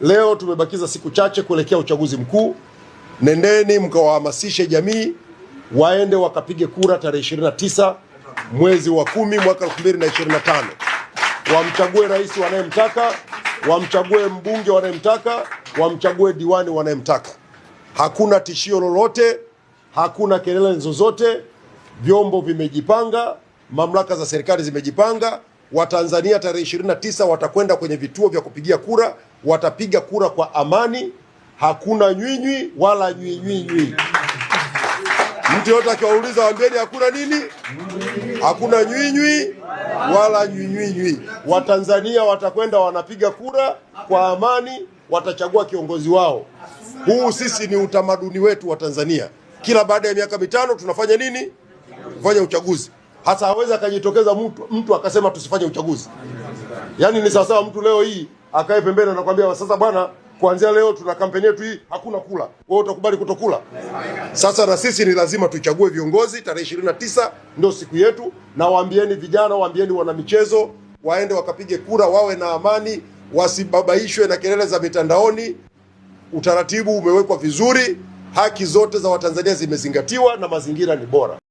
Leo tumebakiza siku chache kuelekea uchaguzi mkuu. Nendeni mkawahamasishe jamii waende wakapige kura tarehe 29 mwezi wa kumi mwaka 2025, wamchague rais wanayemtaka, wamchague mbunge wanayemtaka, wamchague diwani wanayemtaka. Hakuna tishio lolote, hakuna kelele zozote. Vyombo vimejipanga, mamlaka za serikali zimejipanga. Watanzania tarehe 29 watakwenda kwenye vituo vya kupigia kura watapiga kura kwa amani, hakuna nywinywi wala nywinywinywi. Mtu yoyote akiwauliza wambieni hakuna nini, hakuna nywinywi wala nywinywinywi. Watanzania watakwenda wanapiga kura kwa amani, watachagua kiongozi wao. Huu sisi ni utamaduni wetu wa Tanzania. Kila baada ya miaka mitano tunafanya nini? Fanya uchaguzi. Hasa hawezi akajitokeza mtu, mtu akasema tusifanye uchaguzi. Yaani ni sawasawa mtu leo hii akae pembeni, anakwambia sasa, bwana, kuanzia leo tuna kampeni yetu hii, hakuna kula. Wewe utakubali kutokula? Sasa na sisi ni lazima tuchague viongozi. Tarehe ishirini na tisa ndio siku yetu, na waambieni vijana, waambieni wana michezo waende wakapige kura, wawe na amani, wasibabaishwe na kelele za mitandaoni. Utaratibu umewekwa vizuri, haki zote za Watanzania zimezingatiwa na mazingira ni bora.